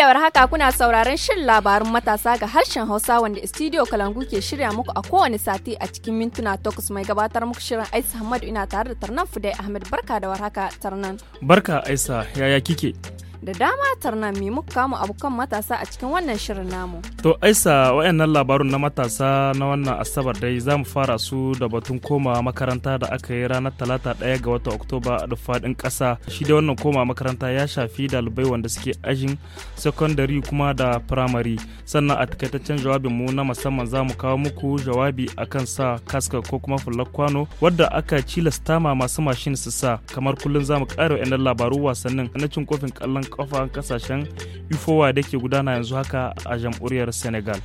da warhaka kuna sauraron shirin labarun matasa ga harshen Hausa wanda Studio Kalangu ke shirya muku a kowane sati a cikin mintuna takwas mai gabatar muku shirin Aisha Hamadu ina tare da Tarnan Fudai Ahmed barka da warhaka Tarnan. Barka Aisha yaya kike? da dama tarna mai muka kama abokan matasa a cikin wannan shirin namu. To aisa wayannan labarun na matasa na wannan asabar dai za mu fara su da batun koma makaranta da aka yi ranar talata daya ga watan Oktoba a faɗin ƙasa. Shi da wannan koma makaranta ya shafi dalibai wanda suke ajin secondary kuma da primary. Sannan a takaitaccen jawabin mu na musamman za mu kawo muku jawabi akan sa kaska ko kuma fulak kwano wadda aka cilasta ma masu mashin su sa kamar kullum za mu ƙara wayannan labaru wasannin na cin kofin kallon kofar kasashen ifowa da ke gudana yanzu haka a jamhuriyar senegal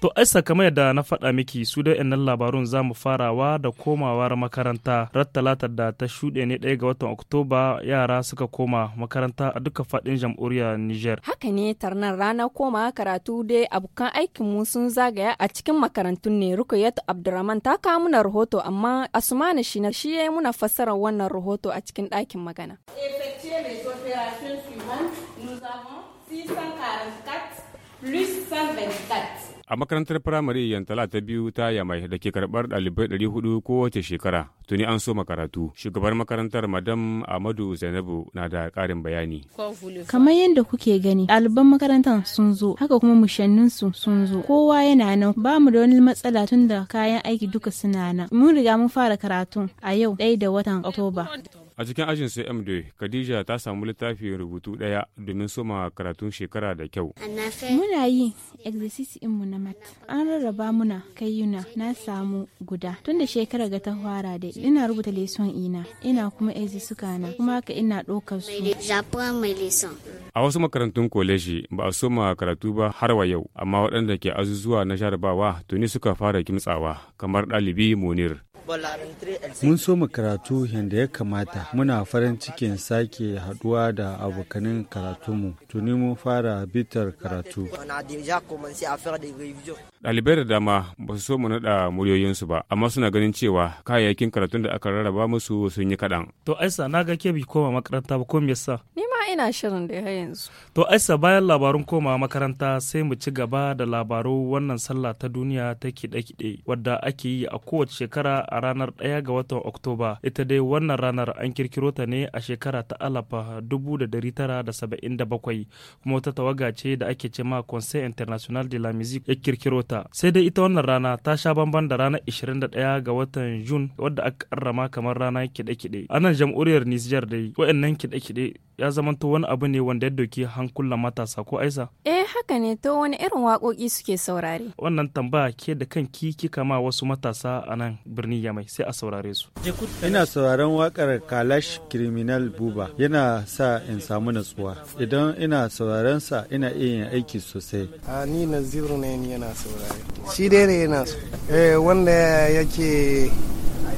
To aisa kamar yadda na faɗa miki su da nan labarun za mu farawa da komawar makaranta rar da ta shuɗe ne ɗaya ga watan Oktoba yara suka koma makaranta a duka faɗin jamhuriyar Niger. Haka ne tarnar ranar koma karatu dai abokan aikin mu sun zagaya a cikin makarantun ne Rukuyatu Abdurrahman ta kawo muna rahoto amma Asmani shi na shi ya muna fassarar wannan rahoto a cikin ɗakin magana. Plus 124 A makarantar firamare Yantala ta biyu ta Yamai da ke karɓar ɗalibai 400 kowace shekara tuni an so makaratu. Shugaban makarantar Madam Amadu Zainabu na da karin bayani. Kamar yadda kuke gani, ɗaliban makarantar sun zo, haka kuma mushannin su sun zo. Kowa yana nan, ba mu da wani matsala tun da kayan aiki duka suna nan. Mun riga mun fara karatun a yau ɗaya da watan Oktoba. A cikin ajin su CMD, Khadija ta samu littafin rubutu daya domin soma karatun shekara da kyau. Muna yi exercise mu na mat. An rarraba muna kayyuna na samu guda. Tun da shekara ga ta fara dai, ina rubuta leson ina, ina kuma suka na, kuma ka ina ɗaukar su. A wasu makarantun koleji ba a soma karatu ba har wa yau, amma waɗanda ke azuzuwa na jarabawa tuni suka fara kimtsawa, kamar ɗalibi Munir. Mun so mu karatu yadda ya kamata. Muna farin cikin sake haduwa da abokanin karatunmu. Tuni mun fara bitar karatu. Ɗalibai da dama ba su so mu naɗa muryoyinsu ba, amma suna ganin cewa kayayyakin karatun da aka rarraba musu sun yi kaɗan. To Aisa na ga ke bi koma makaranta ba ko me yasa? ina shirin da ya yanzu. To aisa bayan labarun komawa makaranta sai mu ci gaba da labaru wannan sallah ta duniya ta kiɗe-kiɗe wadda ake yi a kowace shekara a ranar ɗaya ga watan Oktoba. Ita dai wannan ranar an kirkiro ta ne a shekara ta alafa dubu da dari tara da saba'in da bakwai kuma wata tawaga ce da ake ce ma Conseil International de la Musique ya kirkiro ta. Sai dai ita wannan rana ta sha bamban da ranar ishirin da ɗaya ga watan Jun wadda aka karrama kamar rana kiɗe-kiɗe. A nan jam'uriyar Nijar dai waɗannan kiɗe-kiɗe ya zama zamanto wani abu ne wanda ya doki hankula matasa ko aisa? Eh haka ne to wani irin waƙoƙi suke saurare. Wannan tambaya ke da kan kika ma wasu matasa a nan birni Yamai sai a saurare su. Ina sauraron waƙar Kalash Criminal Buba yana sa in samu natsuwa. Idan ina sauraron sa ina iya yin aiki sosai. A ni Naziru ne ni yana saurare. Shi dai ne yana so. Eh wanda yake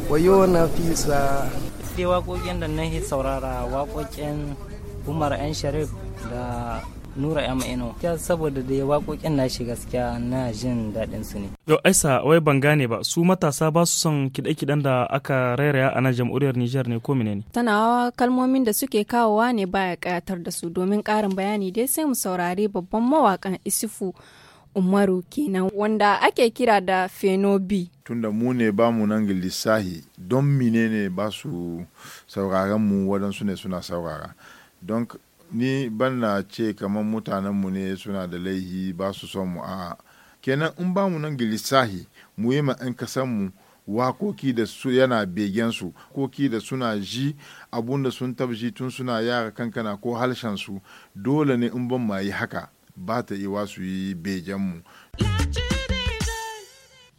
wayo na fisa. dai waƙoƙin da na saurara waƙoƙin umar yan sharif da nura ya ma'ino saboda da ya waƙoƙin shi gaskiya na jin daɗin su ne yau aisa wai ban gane ba su matasa ba su son kiɗe-kiɗen da aka rairaya a nan jam'uriyar nijar ne ko menene tanawa kalmomin da suke kawowa ne baya ƙayatar da su domin ƙarin bayani dai sai mu saurari babban mawaƙan isifu umaru kenan wanda ake kira da fenobi tunda mu ne ba mu nan lissahi don menene ba su sauraron mu waɗansu ne suna saurara don ni ban na ce kamar mutanenmu ne suna da laihi ba su son mu a kenan in ba mu nan gilisahi mu yi ma 'yan kasanmu wakoki da su yana begensu koki da suna ji abun da sun tabji tun suna yara kankana ko su dole ne in ban ma yi haka ba ta iwa su yi begenmu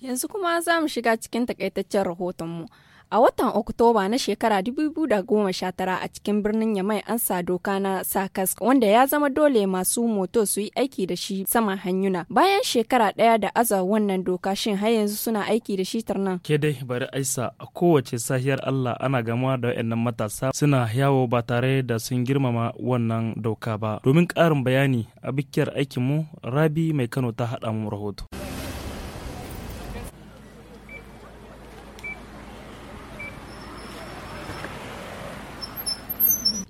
yanzu kuma za mu shiga cikin takaitaccen rahotonmu A watan Oktoba na shekara 2019 a cikin birnin Yamai an sa doka na sakas wanda ya zama dole masu moto su yi aiki da shi sama hanyuna. Bayan shekara ɗaya da aza wannan doka shin har yanzu suna aiki da shi tarnan. Ke dai bari aisa a kowace sahiyar Allah ana gama da wayannan matasa suna yawo ba tare da sun girmama wannan doka ba. Domin ƙarin bayani a bikiyar aikinmu Rabi mai Kano ta haɗa mu rahoto.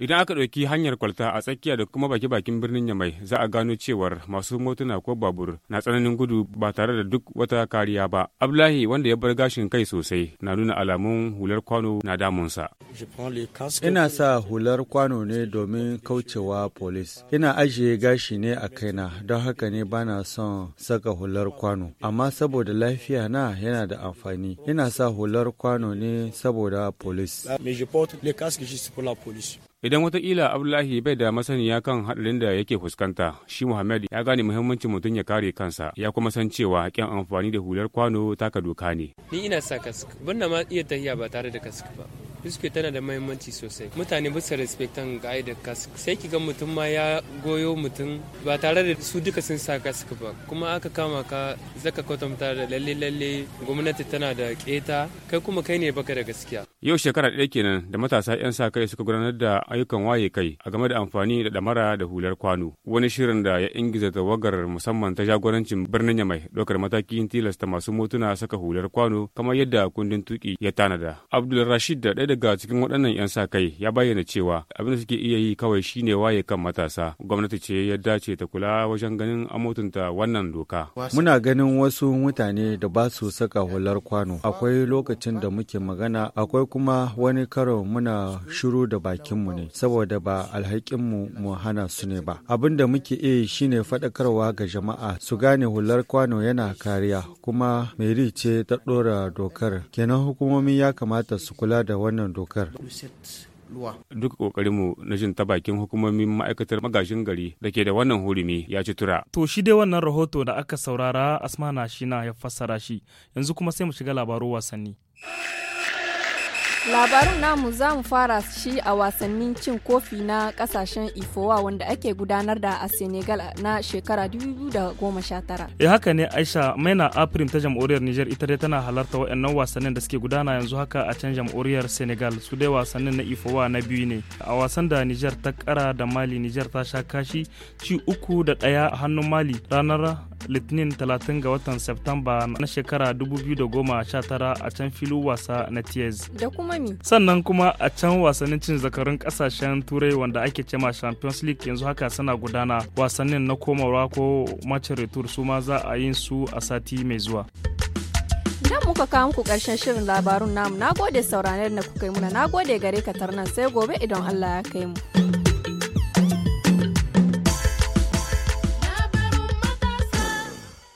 Idan aka ɗauki hanyar kwalta a tsakiya da kuma baki bakin birnin Yamai za a gano cewar masu motuna ko babur na tsananin gudu ba tare da duk wata kariya ba. Ablahi wanda ya bar gashin kai sosai na nuna alamun hular kwano na damunsa. Ina sa hular kwano ne domin kaucewa polis. Ina ajiye gashi ne a kaina don haka ne bana son saka hular kwano. Amma saboda lafiya na yana da amfani. Ina sa hular kwano ne saboda polis. Idan wataƙila Abdullahi bai da masaniya kan haɗarin da yake fuskanta, shi Muhammad ya gane muhimmancin mutum ya kare kansa, ya kuma san cewa kyan amfani da hular kwano taka doka ne. Ni ina sa kask, ban ma iya tahiya ba tare da kask ba. biskit tana da mahimmanci sosai mutane ba su respectan ka'idar kask sai ki ga mutum ma ya goyo mutum ba tare da su duka sun sa kask ba kuma aka kama ka zaka kwatanta da lalle lalle gwamnati tana da keta kai kuma kai ne baka da gaskiya yau shekara ɗaya kenan da matasa 'yan sa kai suka gudanar da ayyukan waye kai a game da amfani da damara da hular kwano wani shirin da ya ingiza tawagar musamman ta jagorancin birnin yamai ɗaukar matakin tilasta masu motuna saka hular kwano kamar yadda kundin tuki ya tanada abdul rashid da ɗaya daga cikin waɗannan 'yan sa-kai ya bayyana cewa abin da suke iya yi kawai shine waye kan matasa. Gwamnati ce ya dace ta kula wajen ganin an mutunta wannan doka. Muna ganin wasu mutane da ba su saka hular kwano. Akwai lokacin da muke magana, akwai kuma wani karo muna shiru da bakinmu ne, saboda ba alhakinmu mu hana su ne ba. Abin da muke iya shine faɗakarwa ga jama'a su gane hular kwano yana kariya, kuma Meri ce ta ɗora dokar. Kenan hukumomi ya kamata su kula da wannan wannan dokar Duk mu na jin ta bakin hukumomin ma'aikatar magajin gari da ke da wannan hurumi ya ci tura. To shi dai wannan rahoto da aka saurara Asmana na ya fassara shi, yanzu kuma sai mu shiga labaru wasanni. labarin namu za mu fara shi a wasannin cin kofi na kasashen ifowa wanda ake gudanar da a senegal na shekara 2019 eh haka ne aisha maina aprim ta jamhuriyar niger ita dai tana halarta waɗannan wasannin da suke gudana yanzu haka a can jamhuriyar senegal su dai wasannin na ifowa na biyu ne a wasan da niger ta kara da mali niger ta sha kashi ci uku da ɗaya a hannun mali ranar litinin 30 ga watan septamba na shekara 2019 a can filin wasa na tiers da kuma sannan kuma a can wasannin cin zakarun kasashen turai wanda ake cema champions league yanzu haka suna gudana wasannin na komawa ko macin retur su ma za a yin su a sati mai zuwa idan muka kawo muku karshen shirin labarun namu. Na gode sauranar da kuka yi muna. Na gode gare ka tarnan sai gobe idan Allah ya kai mu.